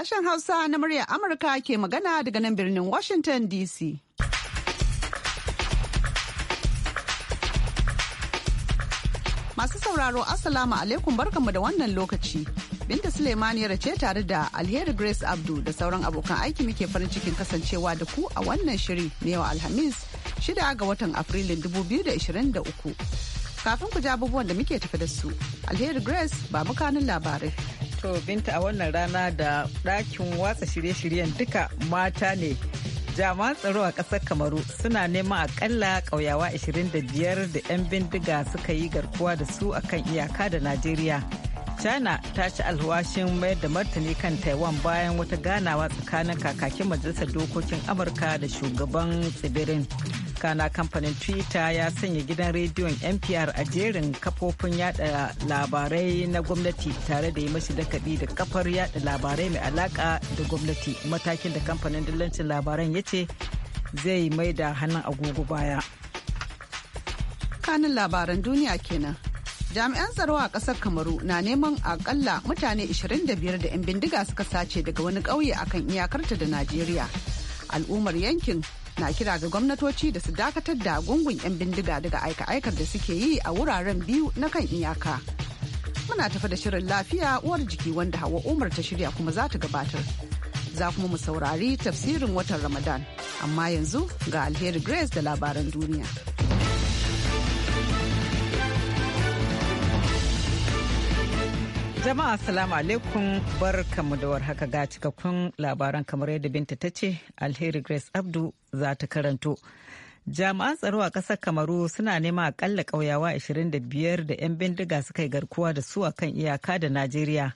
sashen Hausa na muryar Amurka ke magana daga nan birnin Washington DC. Masu sauraro Assalamu alaikum barkanmu da wannan lokaci. Binta ya ce tare da Alheri Grace Abdu da sauran abokan aiki muke farin cikin kasancewa da ku a wannan shiri na yau Alhamis shida ga watan dubu biyu da uku. Kafin ku ja abubuwan da muke tafi da su, Alheri Grace ba mukanin labarai. To binta a wannan rana da ɗakin watsa shirye-shiryen duka mata ne. Jami'an tsaro a ƙasar Kamaru suna neman akalla ƙauyawa 25 da 'yan bindiga suka yi garkuwa da su akan iyaka da Najeriya. China ta ci alwashin mayar da martani kan Taiwan bayan wata ganawa tsakanin kakakin Majalisar Dokokin Amurka da shugaban tsibirin. na kamfanin twitter ya sanya gidan rediyon npr a jerin kafofin yada labarai na gwamnati tare da yi mashi lakabi da kafar yada labarai mai alaka da gwamnati matakin da kamfanin dillancin labaran ya ce zai mai da hannun agogo baya kanin labaran duniya kenan jami'an tsaro a kasar kamaru na neman akalla mutane 25 da 'yan bindiga suka sace daga wani ƙauye akan iyakarta da najeriya al'ummar yankin na kira ga gwamnatoci da su dakatar da gungun 'yan bindiga daga aika-aikar da suke yi a wuraren biyu na kan iyaka. Muna tafi da shirin lafiya uwar jiki wanda hawa Umar ta shirya kuma za ta gabatar. Za kuma mu saurari tafsirin watan Ramadan. Amma yanzu ga alheri Grace da labaran duniya. Jama'a salamu alaikum bar kamu da warhaka ga cikakkun labaran kamar yadda Binta ta ce Alheri Grace Abdu za ta karanto. Jami'an tsaro a ƙasar Kamaru suna nema aƙalla ƙauyawa 25 da 'yan bindiga suka yi garkuwa da su a kan iyaka da Najeriya.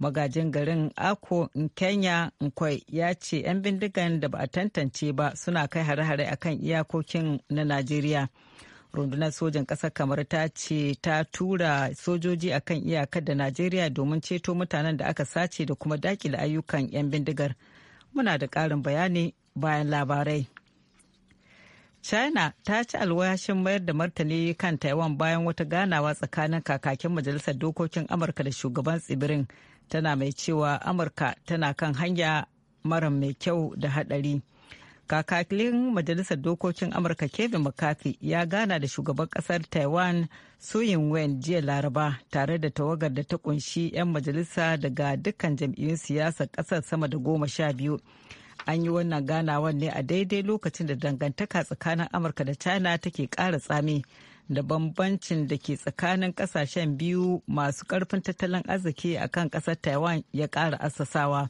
Magajin garin Ako Kenya Nkwai ya ce 'yan bindigan da ba a tantance ba suna kai hare-hare a kan iyakokin na Najeriya. rundunar sojan ƙasar kamar ta ce ta tura sojoji a kan iyakar da najeriya domin ceto mutanen da aka sace da kuma dakile ayyukan 'yan bindigar muna da ƙarin bayani bayan labarai china ta ci alwashin mayar da martani kan taiwan bayan wata ganawa tsakanin kakakin majalisar dokokin amurka da shugaban tsibirin tana mai cewa amurka tana kan hanya mara mai kyau da haɗari. kakakin majalisar dokokin amurka kevin mccarthy ya gana da shugaban kasar taiwan suyin wen jiya laraba tare da tawagar da ta kunshi 'yan majalisa daga dukkan jam'iyyun siyasar kasar sama da goma sha biyu an yi wannan ganawar ne a daidai lokacin da dangantaka tsakanin amurka da china take kara tsami da bambancin da ke tsakanin kasashen biyu masu ƙarfin tattalin arziki akan ƙasar taiwan ya ƙara asasawa.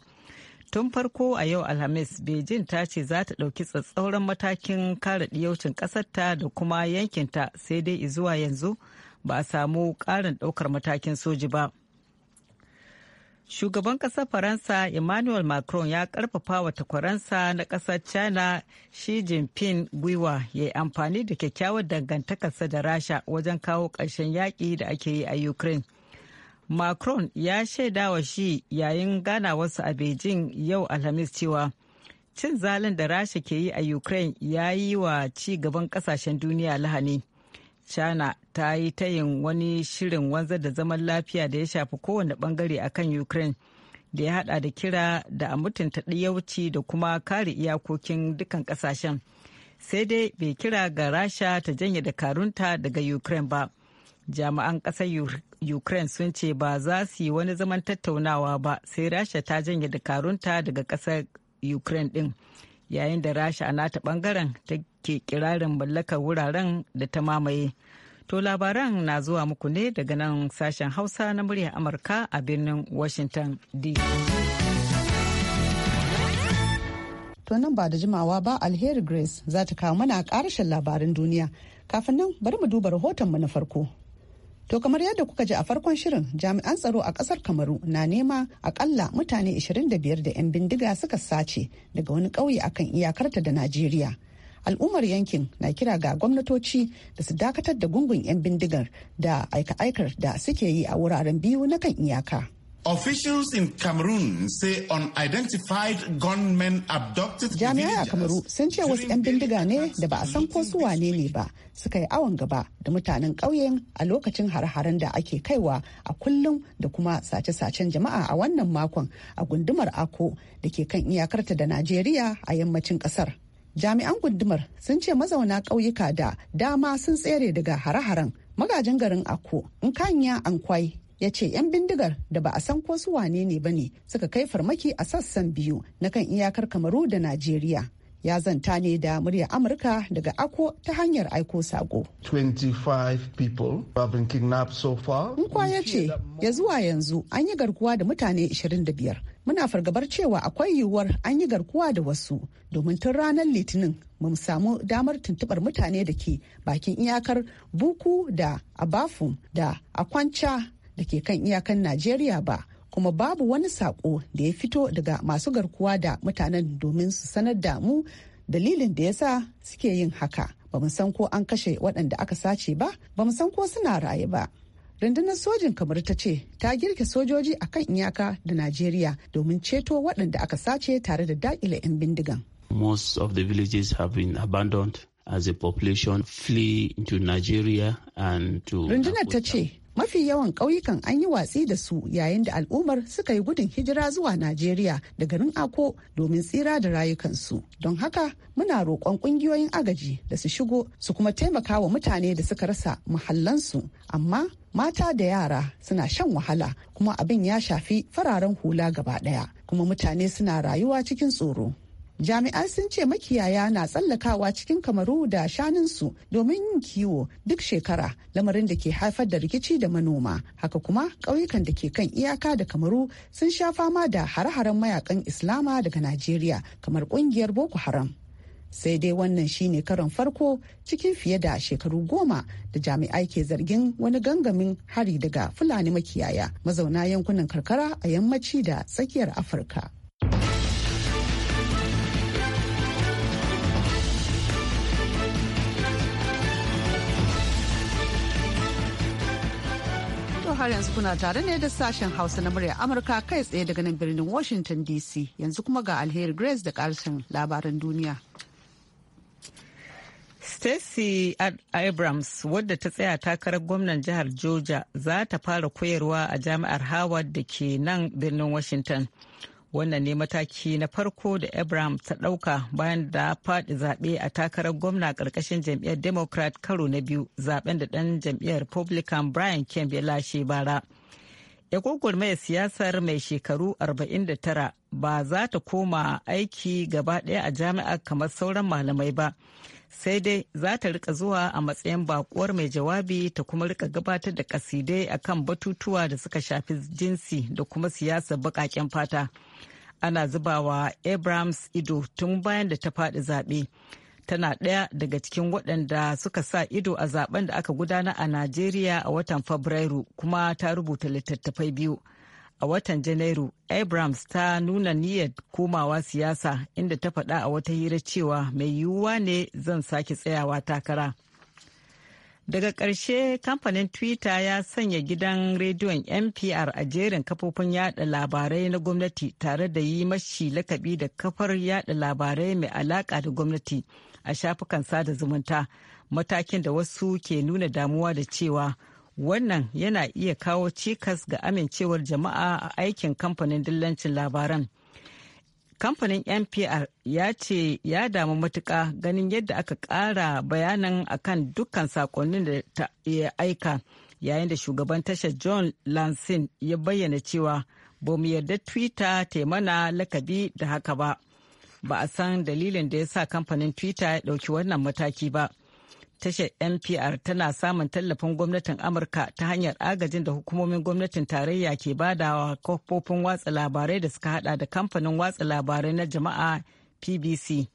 tun farko a yau alhamis beijing ta ce za ta ɗauki tsatsauran matakin kare ɗiyaucin ƙasarta da kuma yankinta sai dai zuwa yanzu ba a samu ƙarin ɗaukar matakin soji ba shugaban ƙasar faransa emmanuel macron ya ƙarfafa wa takwaransa na ƙasar china shi jinping gwiwa ya yi amfani da kyakkyawar dangantakarsa da rasha wajen kawo ƙarshen yaƙi da ake yi a ukraine Macron ya shaida wa shi yayin ganawarsu a Beijing yau Alhamis cewa cin zalin da Rasha ke yi a Ukraine ya yi wa ci gaban kasashen duniya lahani. China ta yi tayin wani shirin wanzar da zaman lafiya da ya shafi kowane bangare a kan Ukraine da ya hada da kira da a mutunta ɗiyauci da kuma kare iyakokin dukkan kasashen. Sai dai bai kira ga Rasha ta janye dakarunta daga Ukraine ba. Jami'an ƙasar ukraine sun ce ba za su yi wani zaman tattaunawa ba sai rasha ta janye dakarunta daga kasar ukraine din yayin da rasha a nata bangaren ta ke kirarin mallakar wuraren da ta mamaye to labaran na zuwa muku ne daga nan sashen hausa na murya amurka a birnin washington dc to nan ba da jimawa ba alheri grace za ta kawo mana karshen labarin duniya kafin nan bari mu duba rahoton mu na farko To kamar yadda kuka ji a farkon shirin jami'an tsaro a kasar Kamaru na nema akalla mutane 25 da 'yan bindiga suka sace daga wani ƙauye akan iyakarta da Najeriya. Al'ummar yankin na kira ga gwamnatoci da su dakatar da gungun 'yan bindigar da aika-aikar da suke yi a wuraren biyu na kan iyaka. Officials in Cameroon say unidentified gunmen abducted Jami'ai a Kamaru sun ce wasu 'yan bindiga ne da ba a san ko su wane ne ba suka yi awon gaba da mutanen ƙauyen a lokacin har-haren da ake kaiwa a kullum da kuma sace-sacen jama'a a wannan makon a gundumar Ako da ke kan iyakarta da Najeriya a yammacin ƙasar. Jami'an gundumar sun ce mazauna ƙauyuka da dama sun tsere daga hare-haren magajin garin Ako Nkanya Ankwai ya ce 'yan bindigar da ba a san ko su wane ne ba ne suka kai farmaki a sassan biyu na kan iyakar kamaru da najeriya ya zanta ne da murya amurka daga ako ta hanyar aiko sako. 25 people have ya ce ya zuwa yanzu an yi garkuwa da mutane 25 muna fargabar cewa akwai yiwuwar an yi garkuwa da wasu domin tun ranar litinin mu samu damar tuntubar mutane da ke bakin iyakar buku da abafum da akwanca da ke kan iyakan Najeriya ba. kuma babu wani saƙo da ya fito daga masu garkuwa da mutanen domin su sanar da mu dalilin da ya sa suke yin haka ba mu san ko an kashe waɗanda aka sace ba ba mu san ko suna raye ba rundunar sojin kamar ta ce ta girke sojoji a kan iyaka da najeriya domin ceto waɗanda aka sace tare da daƙile 'yan bindigan most of the villages have been abandoned as the population flee into nigeria and to rundunar ta ce mafi yawan ƙauyukan an yi watsi da su yayin da al'ummar suka yi gudun hijira zuwa najeriya da garin ako domin tsira da rayukansu don haka muna roƙon ƙungiyoyin agaji da su shigo su kuma taimaka wa mutane da suka rasa muhallansu amma mata da yara suna shan wahala kuma abin ya shafi fararen hula gaba ɗaya kuma mutane suna rayuwa cikin tsoro jami'ai sun ce makiyaya na tsallakawa cikin kamaru da shanunsu domin yin kiwo duk shekara lamarin da ke haifar da rikici da manoma haka kuma ƙauyukan da ke kan iyaka da kamaru sun sha fama da hare-haren mayakan islama daga najeriya kamar ƙungiyar boko haram sai dai wannan shine karon farko cikin fiye da shekaru goma da jami'ai ke zargin wani gangamin hari daga fulani makiyaya mazauna yankunan karkara a yammaci da tsakiyar afirka har yanzu kuna tare ne da sashen Hausa na murya Amurka kai tsaye daga nan birnin Washington DC. Yanzu kuma ga Alheri Grace da karshen labaran duniya. stacy Abrams wadda ta tsaya takarar gwamnan jihar Georgia za ta fara koyarwa a jami'ar Howard da ke nan birnin Washington. wannan ne mataki na farko da abraham ta dauka bayan da faɗi zaɓe a takarar gwamna ƙarƙashin jam'iyyar democrat karo na biyu zaben da ɗan jam'iyyar republican brian kemp ya lashe bara ya mai siyasar mai shekaru 49 ba za ta koma aiki gaba ɗaya a jami'a kamar sauran malamai ba sai dai za ta rika zuwa a matsayin bakuwar mai jawabi ta kuma rika gabatar da kasidai akan batutuwa da suka shafi jinsi da kuma siyasar baƙaƙen fata. ana zubawa abrams ido tun bayan da ta faɗi zaɓe tana ɗaya daga cikin waɗanda suka sa ido a zaben da aka gudana a najeriya a watan fabrairu kuma ta rubuta littattafai biyu a watan janairu abrams ta nuna niyyar komawa siyasa inda ta faɗa a wata hira cewa mai yiwuwa ne zan sake tsayawa takara Daga ƙarshe kamfanin Twitter ya sanya gidan rediyon NPR a jerin kafofin yada labarai na gwamnati tare da yi mashi lakabi da kafar yada labarai mai alaƙa da gwamnati a shafukan sada zumunta matakin da wasu ke nuna damuwa da cewa wannan yana iya kawo cikas ga amincewar jama'a a aikin kamfanin dillancin labaran. kamfanin npr ya ce ya damu matuka ganin yadda aka kara bayanan akan dukkan sakonnin da ta ya aika yayin da shugaban tashar john lansin ya bayyana cewa ba mu yarda twitter taimana lakabi da haka ba ba a san dalilin da ya sa kamfanin twitter ya dauki wannan mataki ba. tashar npr tana samun tallafin gwamnatin amurka ta hanyar agajin da hukumomin gwamnatin tarayya ke badawa kafofin watsa labarai da suka hada da kamfanin watsa labarai na jama'a pbc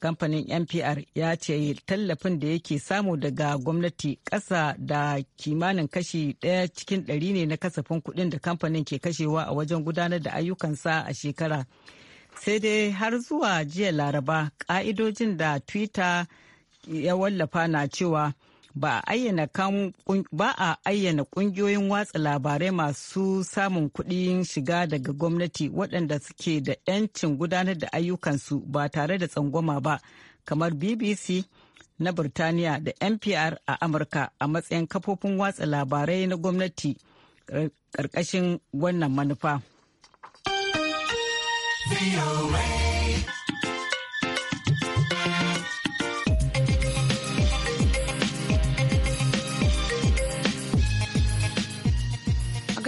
kamfanin npr ya ce tallafin da yake samu daga gwamnati ƙasa da kimanin kashi ɗaya cikin ɗari ne na kasafin kuɗin da kamfanin ke kashewa a wajen gudanar da ayyukansa a shekara sai dai har zuwa jiya laraba ƙa'idojin da twitter ya wallafa na cewa ba a ayyana kungiyoyin watsa labarai masu samun kuɗin shiga daga gwamnati waɗanda suke da 'yancin gudanar da ayyukansu ba tare da tsangwama ba kamar bbc na birtaniya da npr a amurka a matsayin kafofin watsa labarai na gwamnati ƙarƙashin wannan manufa.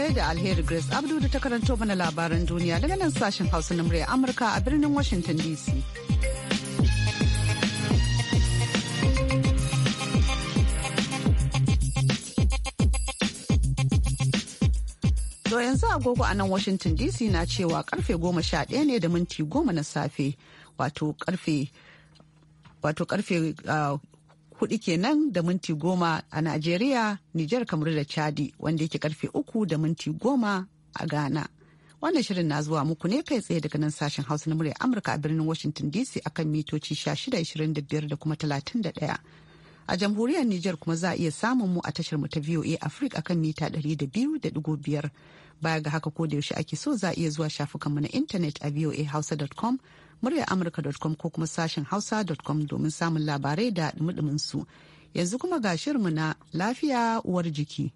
sai da Alheri Grace Abdu da ta karanto mana labaran duniya daga nan sashen Hausa na murya Amurka a birnin Washington DC. To yanzu agogo a nan Washington DC na cewa karfe goma sha ne da minti goma na safe wato karfe wato karfe ah, hudu kenan da minti goma a Najeriya, Nijar kamar da Chadi wanda yake karfe uku da minti goma a Ghana. Wannan shirin na zuwa muku ne kai tsaye daga nan sashen Hausa na murya Amurka a birnin Washington DC akan mitoci 1625 da biyar da kuma talatin da 31. A jamhuriyar Nijar kuma za a iya samun mu a tashar mu ta VOA Africa akan mita ɗari da da biyu biyar. Baya ga haka ko da yaushe ake so za a iya zuwa shafukanmu na intanet a voahausa.com muryar amurka.com ko kuma sashen hausa.com domin samun labarai da dumudumin su yanzu kuma ga shirmu na lafiya uwar jiki.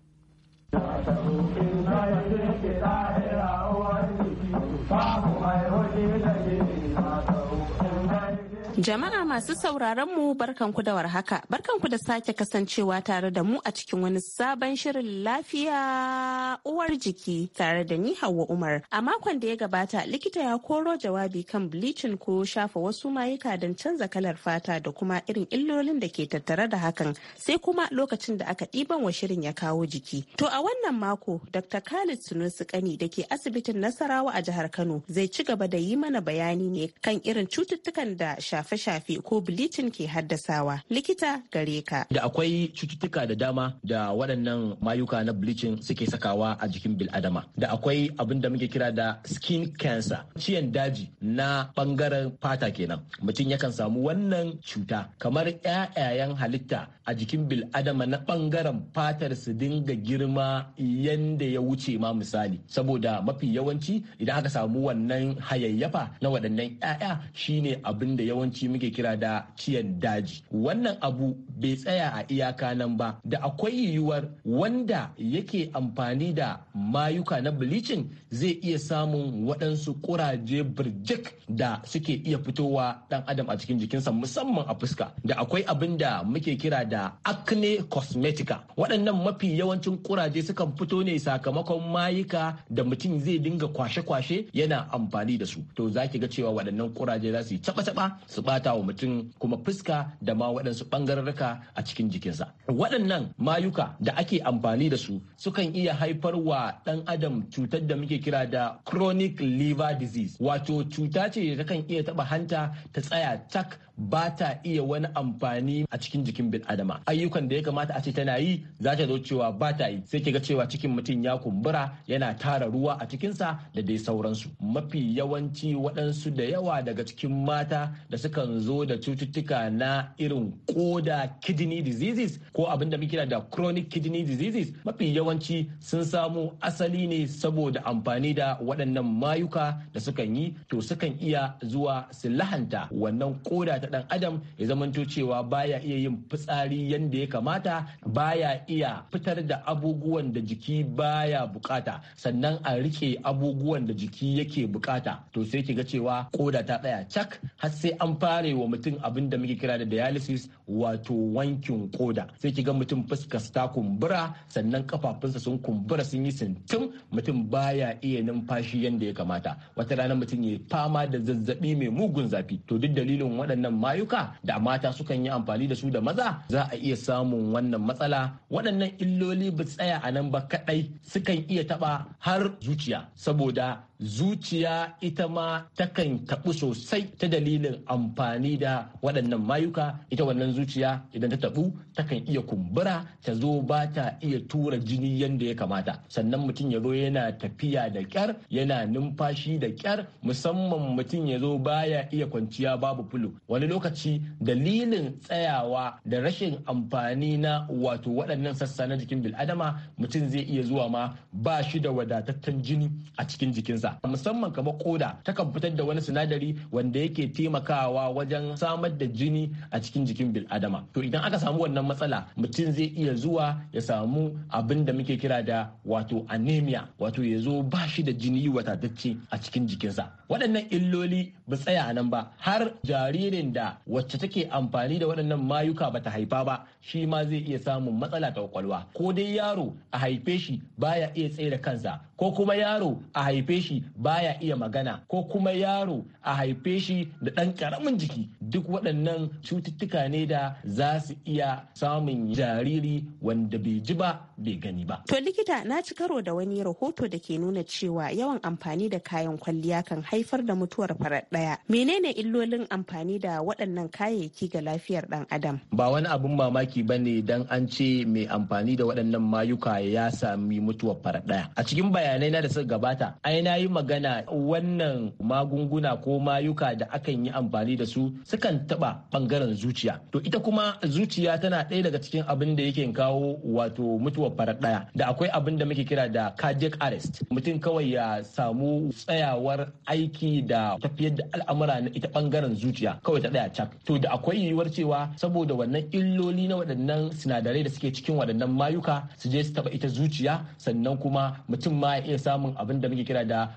Jama'a masu sauraron mu barkanku da warhaka. Barkanku da sake kasancewa tare da mu a cikin wani sabon shirin lafiya uwar jiki tare da ni Hauwa Umar. A makon da ya gabata likita ya koro jawabi kan bleaching ko shafa wasu mayuka don canza kalar fata da kuma irin illolin da ke tattare da hakan sai kuma lokacin da aka ɗiban wa shirin ya kawo jiki. To a wannan mako Dr. Khalid Sunusi Kani da ke asibitin Nasarawa a jihar Kano zai ci gaba da yi mana bayani ne kan irin cututtukan da shafa shafe-shafe ko bleaching ke haddasawa likita gare ka da akwai cututtuka da dama da waɗannan mayuka na bleaching suke sakawa a jikin bil'adama da akwai abin da muke kira da skin cancer ciyan daji na bangaren fata kenan mutum yakan samu wannan cuta kamar 'ya'yayen halitta a jikin bil'adama na bangaren fatar su dinga girma yanda ya wuce ma misali saboda mafi yawanci idan aka samu wannan hayayyafa na waɗannan 'ya'ya shine abin da yawanci turanci muke kira da ciyan daji wannan abu bai tsaya a iyaka nan ba da akwai yiwuwar wanda yake amfani da mayuka na bleaching zai iya samun waɗansu ƙuraje birjik da suke iya fitowa ɗan adam a cikin jikinsa musamman a fuska da akwai abin da muke kira da acne cosmetica waɗannan mafi yawancin ƙuraje sukan fito ne sakamakon mayuka da mutum zai dinga kwashe-kwashe yana amfani da su to za ga cewa waɗannan kuraje za su yi taɓa-taɓa su ɓata wa mutum kuma fuska da ma waɗansu ɓangararraka a cikin jikinsa waɗannan mayuka da ake amfani da su sukan iya haifar wa ɗan adam cutar da muke kira da chronic liver disease wato cuta ce da kan iya taba hanta ta tsaya tak ba ta iya wani amfani a cikin jikin bin adama ayyukan da ya kamata a ce tana yi za ta zo cewa ba ta yi sai ke ga cewa cikin mutum ya kumbura yana tara ruwa a cikinsa da dai sauransu mafi yawanci waɗansu da yawa daga cikin mata da sukan zo da cututtuka na irin koda kidney diseases ko abin da muke da chronic kidney diseases mafi yawanci sun samu asali ne saboda amfani amfani da waɗannan mayuka da sukan yi to sukan iya zuwa su lahanta wannan koda ta ɗan adam ya zamanto cewa baya iya yin fitsari yadda ya kamata baya iya fitar da abubuwan da jiki baya bukata sannan a rike abubuwan da jiki yake bukata to sai ki ga cewa koda ta tsaya cak har sai an fare wa mutum abin da muke kira da dialysis wato wankin koda sai ki ga mutum fuskas ta kumbura sannan kafafunsa sun kumbura sun yi sintim mutum baya iya numfashi yadda ya kamata wata rana mutum ya fama da zazzabi mai mugun zafi to duk dalilin waɗannan mayuka da mata sukan yi amfani da su da maza za a iya samun wannan matsala waɗannan illoli ba tsaya a nan ba kaɗai sukan iya taɓa har zuciya saboda zuciya ita ma takan taɓu sosai ta dalilin amfani da waɗannan mayuka ita wannan zuciya idan ta taɓu takan iya kumbura ta zo ba ta iya tura jini yadda ya kamata sannan mutum ya zo yana tafiya da ƙyar yana numfashi da ƙyar musamman mutum ya zo baya iya kwanciya babu fulu wani lokaci dalilin tsayawa da rashin amfani na wato waɗannan sassa na jikin bil'adama mutum zai iya zuwa ma ba shi da wadataccen jini a cikin jikinsa jikinsa musamman kamar koda takan fitar da wani sinadari wanda yake taimakawa wajen samar da jini a cikin jikin bil'adama. to idan aka samu wannan matsala mutum zai iya zuwa ya samu abin da muke kira da wato anemia wato ya zo ba shi da jini wadatacce a cikin jikinsa waɗannan illoli ba tsaya nan ba har jaririn da wacce take amfani da waɗannan mayuka ba ta haifa ba shi ma zai iya samun matsala ta kwakwalwa ko dai yaro a haife shi baya iya tsere kansa ko kuma yaro a haife shi baya iya magana ko kuma yaro a haife shi da ɗan ƙaramin jiki duk waɗannan cututtuka ne da za su iya samun jariri wanda bai ji ba bai gani ba. To likita na ci karo da wani rahoto da ke nuna cewa yawan amfani da kayan kwalliya kan haifar da mutuwar farat ɗaya. Menene illolin amfani da waɗannan kayayyaki ga lafiyar ɗan adam? Ba wani abun mamaki aiki ba ne don an ce mai amfani da waɗannan mayuka ya sami mutuwar farat ɗaya. A cikin bayanai na da suka gabata, ai na yi magana wannan magunguna ko mayuka da akan yi amfani da su sukan taɓa ɓangaren zuciya. To ita kuma zuciya tana ɗaya daga cikin abin da yake kawo wato mutuwar farat ɗaya. Da akwai abin da muke kira da cardiac arrest. Mutum kawai ya samu tsayawar aiki da tafiyar da al'amura na ita ɓangaren zuciya kawai ta ɗaya cak. To da akwai yiwuwar cewa saboda wannan illoli na waɗannan sinadarai da suke cikin waɗannan mayuka su je su taba ita zuciya sannan kuma mutum ma ya iya samun abin da muke kira da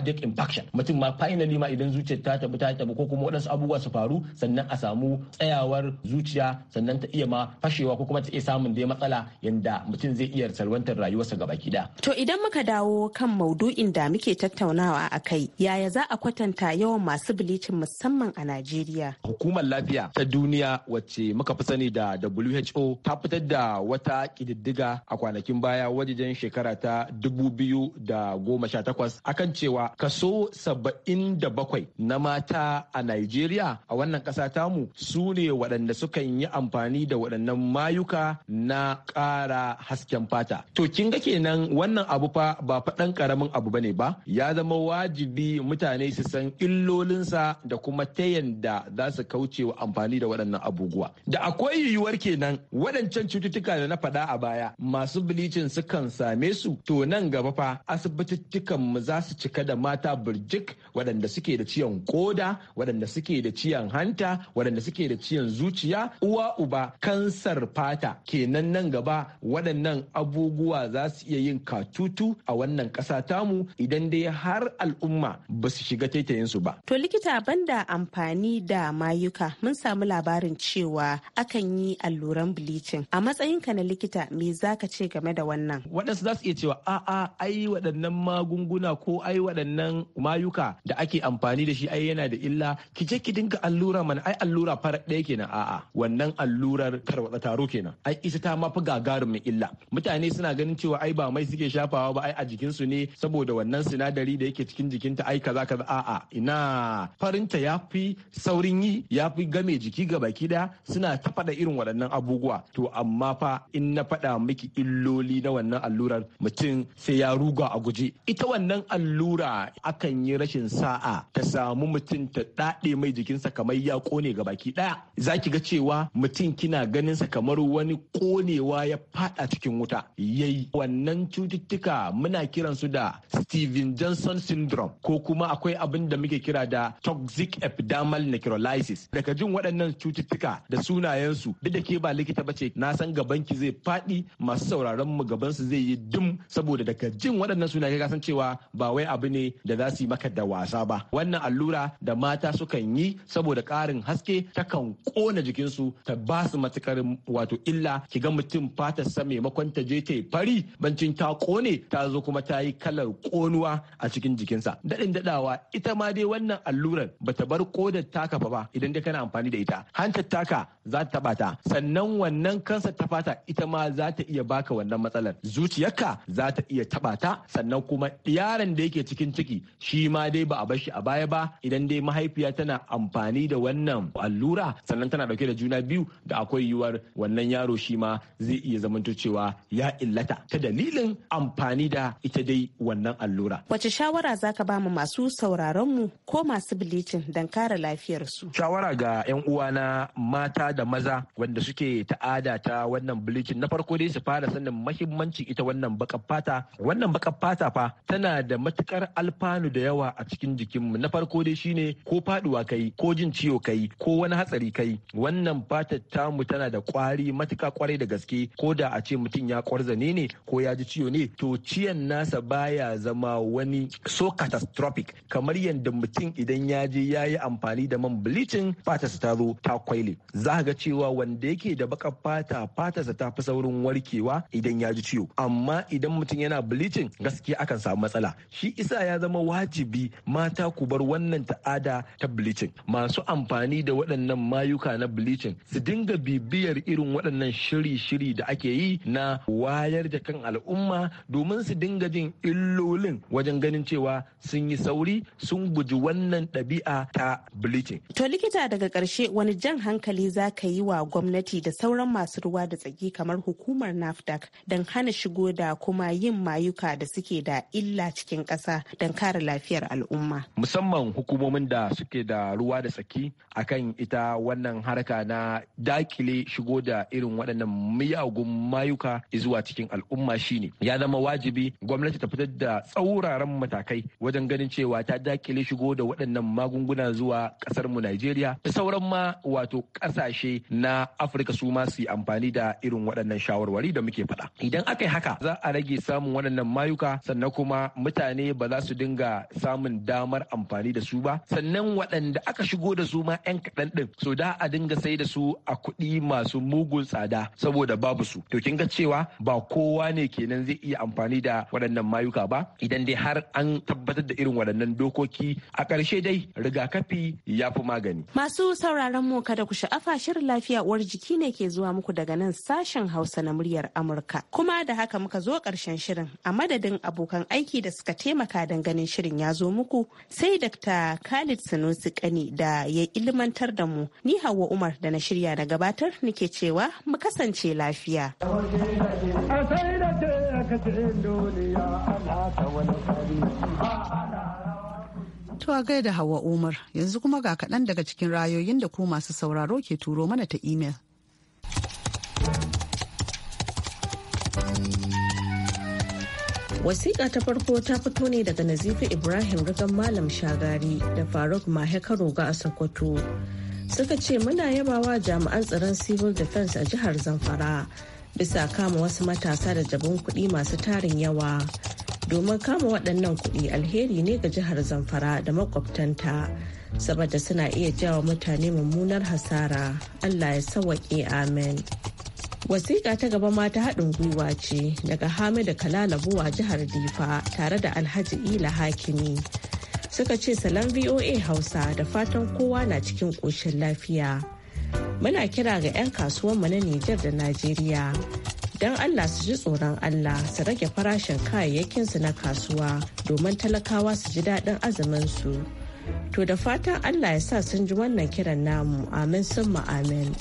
duk infection mutum ma finally ma idan zuciyar ta tabu ta tabu ko kuma waɗansu abubuwa su faru sannan a samu tsayawar zuciya sannan ta iya ma fashewa ko kuma ta iya samun dai matsala yanda mutum zai iya salwantar rayuwarsa gaba kida. To idan muka dawo kan maudu'in da muke tattaunawa a kai yaya za a kwatanta yawan masu bilicin musamman a Najeriya. Hukumar lafiya ta duniya wacce muka fi sani da WHO ta fitar da wata kididdiga a kwanakin baya wajejen shekara ta 2018 akan cewa kaso 77 na mata a Nigeria a wannan ƙasa tamu su ne waɗanda sukan yi amfani da waɗannan mayuka na ƙara hasken fata. To kin ga kenan wannan abu fa ba faɗan ƙaramin abu bane ba ya zama wajibi mutane su san illolinsa da kuma ta yanda za su kauce wa amfani da waɗannan abubuwa. Da akwai yiwuwar kenan waɗancan cututtuka da na faɗa a baya masu bilicin sukan same su to nan gaba fa asibitittukan mu za su cika da mata Burjik waɗanda suke da ciyan koda waɗanda suke da ciyan hanta waɗanda suke da ciyan zuciya uwa uba kansar fata kenan nan gaba waɗannan abubuwa za su iya yin katutu a wannan ƙasa tamu idan dai har al'umma ba su shiga taitayinsu ba. To likita banda amfani da mayuka mun samu labarin cewa akan yi al alluran bleaching a matsayinka na likita me zaka ce game da wannan waɗansu za su iya cewa a'a ai waɗannan magunguna ko ai waɗannan mayuka da ake amfani da shi ai yana da illa ki je ki dinga allura mana ai allura farar ɗaya kenan a'a wannan allurar tarwatsa taro kenan ai ita ta mafi gagarin mai illa mutane suna ganin cewa ai ba mai suke shafawa ba ai a jikinsu ne saboda wannan sinadari da yake cikin jikinta ai kaza kaza a'a ina farinta ya fi saurin yi ya fi game jiki ga baki daya suna ta faɗa irin waɗannan waɗannan abubuwa to amma fa in na faɗa miki illoli na wannan allurar mutum sai ya ruga a guje ita wannan allura akan yi rashin sa'a ta samu mutum ta daɗe mai jikinsa kamar ya kone ga baki ɗaya za ki ga cewa mutum kina ganin sa kamar wani konewa ya faɗa cikin wuta yayi wannan cututtuka muna kiran su da Steven Johnson syndrome ko kuma akwai abin da muke kira da toxic epidermal necrolysis daga jin waɗannan cututtuka da sunayensu duk da ke ba likita ce na san gaban ki zai faɗi masu sauraron mu gaban su zai yi dum saboda daga jin waɗannan suna ka san cewa ba wai abu ne da za su yi maka da wasa ba wannan allura da mata sukan yi saboda ƙarin haske ta takan kona su ta ba su matukar wato illa ki ga mutum fatar sa maimakon ta je ta yi fari bancin ta kone ta zo kuma ta yi kalar ƙonuwa a cikin jikinsa daɗin daɗawa ita ma dai wannan allurar bata bar kodar taka ba idan dai kana amfani da ita hantar taka za ta taɓa ta nan wannan kansa ta fata ita ma za ta iya baka wannan matsalar zuciyarka za ta iya taba ta sannan kuma yaron da yake cikin ciki shi ma dai ba a bar shi a baya ba idan dai mahaifiya tana amfani da wannan allura sannan tana dauke da juna biyu da akwai yiwuwar wannan yaro shi ma zai iya zamanto cewa ya illata ta dalilin amfani da ita dai wannan allura wace shawara zaka ba mu masu sauraron mu ko masu bilicin don kare lafiyar su. shawara ga yan uwa na mata da maza wanda suke suke ta'ada ta wannan bleaching na farko dai su fara sanin mahimmanci ita wannan bakar fata wannan bakar fata fa tana da matukar alfanu da yawa a cikin jikinmu na farko dai shine ko faduwa kai ko jin ciwo kai ko wani hatsari kai wannan fatar mu tana da kwari matuka kwarai da gaske ko da a ce mutum ya kwarzane ne ko ya ji ciwo ne to ciyan nasa baya zama wani so catastrophic kamar yadda mutum idan ya je ya yi amfani da man bleaching fatarsa ta zo ta kwaile za ga cewa wanda yake yake da baka fata fatarsa ta fi saurin warkewa idan ya ji ciwo amma idan mutum yana bleaching gaskiya akan samu matsala shi isa ya zama wajibi mata ku bar wannan ta'ada ta bleaching masu amfani da waɗannan mayuka na bleaching su dinga bibiyar irin waɗannan shiri-shiri da ake yi na wayar da kan al'umma domin su dinga jin illolin wajen ganin cewa sun yi sauri sun guji wannan ɗabi'a ta bleaching. To likita daga ƙarshe wani jan hankali za ka yi wa gwamnati gwamnati da sauran masu ruwa da tsaki kamar hukumar nafdac don hana shigo da kuma yin mayuka da suke da illa cikin ƙasa don kare lafiyar al'umma musamman hukumomin da suke da ruwa da tsaki akan ita wannan harka na dakile shigo da irin waɗannan miyagun mayuka zuwa cikin al'umma shine ya zama wajibi gwamnati ta fitar da tsauraran matakai wajen ganin cewa ta dakile shigo da waɗannan magunguna zuwa ƙasar mu Najeriya da sauran ma wato ƙasashe na Afirka afirka su ma su amfani da irin waɗannan shawarwari da muke faɗa idan aka yi haka za a rage samun waɗannan mayuka sannan kuma mutane ba za su dinga samun damar amfani da su ba sannan waɗanda aka shigo da su ma 'yan kaɗan ɗin so da a dinga sai da su a kuɗi masu mugun tsada saboda babu su to kin ga cewa ba kowa ne kenan zai iya amfani da waɗannan mayuka ba idan dai har an tabbatar da irin waɗannan dokoki a ƙarshe dai rigakafi ya fi magani masu sauraron mu kada ku sha'afa shirin lafiya uwar jiki ne ke zuwa muku daga nan sashen Hausa na muryar Amurka. Kuma da haka muka zo ƙarshen shirin a madadin abokan aiki da suka taimaka don ganin shirin ya zo muku sai Dr. Khalid Sanusi Kani da ya ilimantar da mu. Ni Hauwa Umar da na shirya na gabatar nake cewa mu kasance lafiya. To a gaida Hawa Umar yanzu kuma ga kaɗan daga cikin rayoyin da ku masu sauraro ke turo mana ta imel. Wasiƙa ta farko ta fito ne daga nazifa Ibrahim Rigan Malam Shagari da Faruk Mahe Karoga a Sokoto. Suka ce muna yabawa jami'an tsaron civil defense a jihar Zamfara bisa kama wasu matasa da jabin kuɗi masu tarin yawa. domin kama waɗannan kuɗi alheri ne ga jihar zamfara da makwabtanta saboda suna iya wa mutane mummunar hasara allah ya sawaƙe amen Wasiƙa ta gaba mata haɗin gwiwa ce daga Hamidu Kalalabu a jihar Difa tare da Alhaji Ila Hakimi. Suka ce salon VOA Hausa da fatan kowa na cikin ƙoshin lafiya. Muna kira ga 'yan kasuwanmu na Nijar da Najeriya. don Allah su ji tsoron Allah su rage farashin kayayyakinsu na kasuwa domin talakawa su ji daɗin azuminsu. To da fatan Allah ya sa sun ji wannan kiran namu amin sun amin.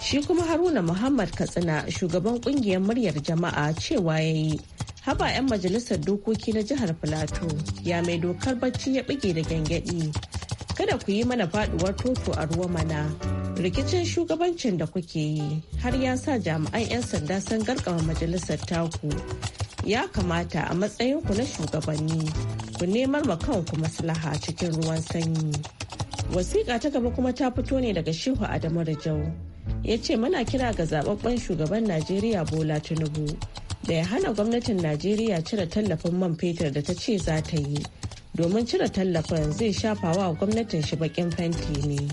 Shi kuma Haruna Muhammad Katsina shugaban kungiyar muryar jama'a cewa ya yi haba 'yan majalisar dokoki na jihar Filato ya mai dokar bacci ya bige da gyangyaɗi. Kada ku yi mana faduwar toto a ruwa mana. Rikicin shugabancin da kuke yi har ya sa jami'an 'yan sanda sun garkama majalisar taku. Ya kamata a matsayinku na shugabanni ku nemar ma kanku maslaha cikin ruwan sanyi. Wasiƙa ta gaba kuma ta fito ne daga Shehu Adamu rajau ya ce muna kira ga zababben shugaban najeriya bola tinubu da ya hana gwamnatin najeriya cire tallafin man fetur da ta ce za ta yi domin cire tallafin zai shafa wa gwamnatin shi bakin fenti ne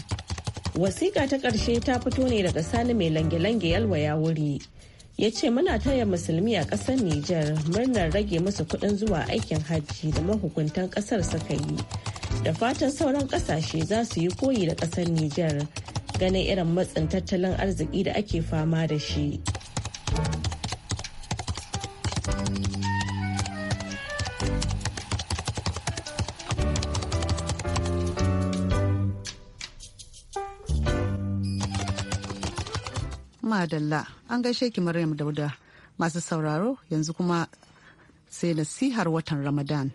wasiƙa ta ƙarshe ta fito ne daga sani mai lange-lange yalwaya wuri ya ce muna taya musulmi a ƙasar Nijar. murnar rage musu kuɗin zuwa aikin hajji da mahukuntan ƙasar suka yi da fatan sauran ƙasashe za su yi koyi da ƙasar Nijar. ganin irin matsin tattalin arziki da ake fama da shi. Madalla an gaishe ki Maryam Dauda masu sauraro yanzu kuma sai nasihar watan Ramadan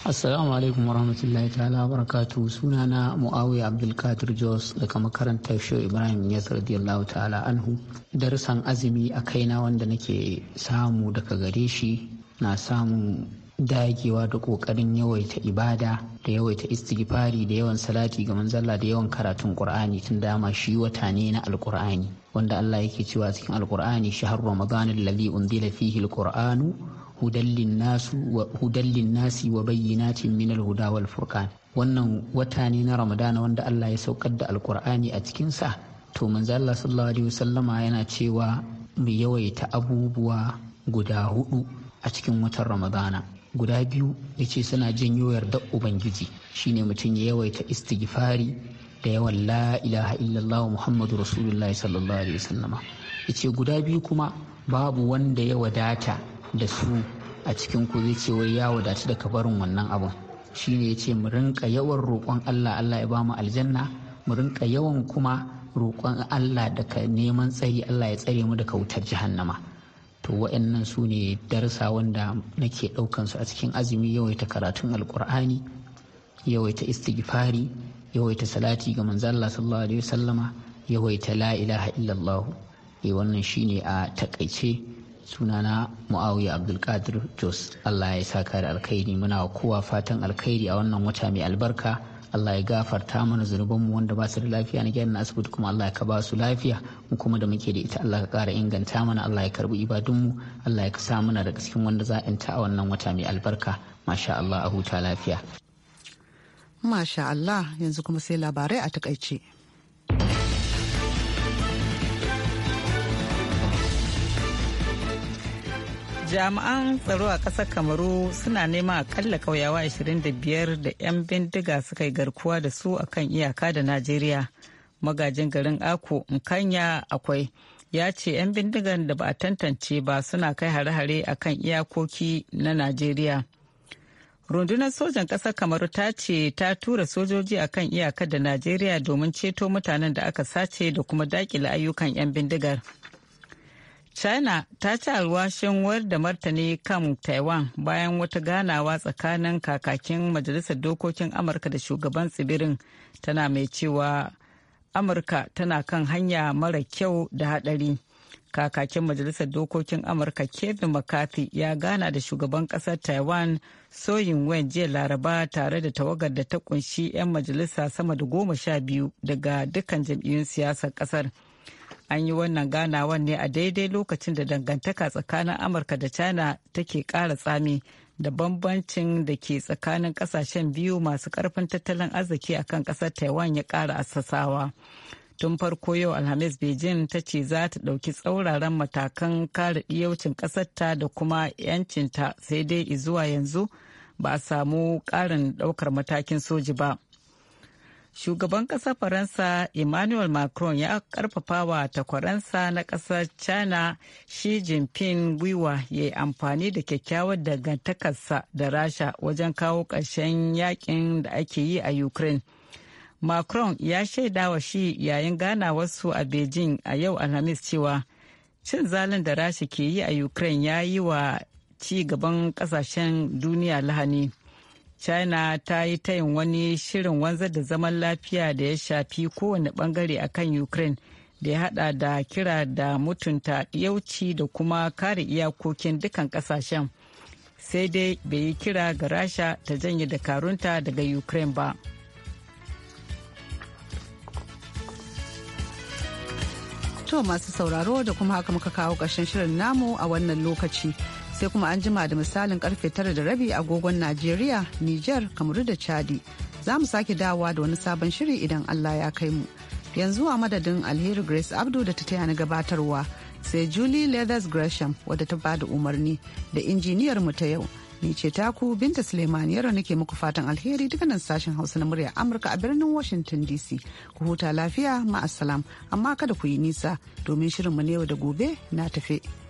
Assalamu alaikum warahmatullahi ta'ala barakatu suna na Muawiya Abdulkadir Jos daga makarantar Shehu Ibrahim Yas radiyallahu ta'ala anhu. Darsan azumi a kaina wanda nake samu daga gare shi na samun dagewa da kokarin yawaita ibada da yawaita istighfari da yawan salati ga manzalla da yawan karatun Qur'ani tun dama shi wata ne na Alqur'ani wanda Allah yake cewa cikin Alqur'ani shahar Ramadan alladhi unzila fihi alqur'anu hudan linnasi wa bayyinatin minal huda wal furqan wannan wata ne na ramadana wanda Allah ya saukar da alkur'ani a cikinsa to manzo Allah sallallahu alaihi wasallama yana cewa mu yawaita abubuwa guda hudu a cikin watan ramadana guda biyu yace suna janyo yardar ubangiji shine mutum ya yawaita istighfari da yawan la ilaha illallah muhammadu rasulullahi sallallahu alaihi wasallama yace guda biyu kuma babu wanda ya wadata da su a cikin ku zai ce wai ya wadatu da barin wannan abun ne ya ce mu rinka yawan roƙon Allah Allah ya bamu aljanna mu rinka yawan kuma roƙon Allah daga neman tsari Allah ya tsare mu daga wutar jahannama to wa'annan su ne darsa wanda nake ɗaukan su a cikin azumi yawaita karatun alkur'ani yawaita istighfari yawaita salati ga manzo Allah sallallahu alaihi wasallama yawaita la ilaha illallah eh wannan shine a takaice sunana muawiya abdulkadir jos allah ya saka da alkhairi muna kowa fatan alkhairi a wannan wata mai albarka allah ya gafarta mana zunubanmu wanda ba su da lafiya na gyaran asibiti kuma allah ya ka ba su lafiya mu kuma da muke da ita allah ka kara inganta mana allah ya karbi ibadunmu allah ya sa mana daga cikin wanda za a a wannan wata mai albarka masha allah a huta lafiya masha allah yanzu kuma sai labarai a takaice jami'an tsaro a ƙasar kamaru suna neman akalla kauyawa 25 da 'yan bindiga suka yi garkuwa da su akan iyaka da najeriya magajin garin ako nkanya akwai ya ce 'yan bindigan da ba a tantance ba suna kai hare-hare a kan iyakoki na najeriya rundunar sojan ƙasar kamaru ta ce ta tura sojoji a kan iyakar da najeriya domin ceto mutanen da aka sace da kuma dakile ayyukan 'yan bindigar China ta ci alwashin wayar da martani kan Taiwan bayan wata ganawa tsakanin kakakin Majalisar Dokokin Amurka da shugaban tsibirin tana mai cewa Amurka tana kan hanya mara kyau da hadari Kakakin Majalisar Dokokin Amurka Kevin McCarthy ya gana da shugaban kasar Taiwan Soyin Wen jiya Laraba tare da tawagar da ta kunshi 'yan majalisa sama da goma sha biyu daga dukkan jam'iyyun siyasar kasar. an yi wannan ganawan ne a daidai lokacin da dangantaka tsakanin amurka da china take ƙara tsami da bambancin da ke tsakanin kasashen biyu masu karfin tattalin arziki a kan kasar taiwan ya ƙara assasawa tun farko yau alhamis beijing ta ce za ta ɗauki tsauraran matakan kare iyaucin ƙasarta da kuma 'yancinta sai dai zuwa yanzu ba a samu ƙarin ɗaukar matakin soji ba. shugaban ƙasar faransa emmanuel macron ya karfafa wa takwaransa na ƙasar china shi jinping gwiwa ya yi amfani da kyakkyawar dangantakarsa da rasha wajen kawo ƙarshen yakin da ake yi a ukraine macron ya shaidawa shi yayin gana wasu a beijing a yau alhamis cewa cin zalin da rasha ke yi a ukraine ya yi wa ci gaban ƙasashen duniya lahani china ta yi tayin wani shirin wanzar da zaman lafiya da ya shafi kowane bangare akan ukraine da ya hada da kira da mutunta yauci da kuma kare iyakokin dukan kasashen sai dai bai yi kira ga rasha ta janye dakarunta daga ukraine ba to masu sauraro da kuma haka muka kawo ƙarshen shirin namu a wannan lokaci sai kuma an jima da misalin karfe tara da rabi agogon Najeriya, Nijar, Kamaru da Chadi. Za mu sake dawowa da wani sabon shiri idan Allah ya kai mu. Yanzu a madadin Alheri Grace Abdu da ta taya ni gabatarwa, sai Julie Leathers Gresham wadda ta bada umarni da injiniyar mu ta yau. Ni ce taku Binta Suleiman yaro nake muku fatan alheri duka nan sashen Hausa na murya Amurka a birnin Washington DC. Ku huta lafiya ma'asalam amma kada ku yi nisa domin shirin mu na yau da gobe na tafe.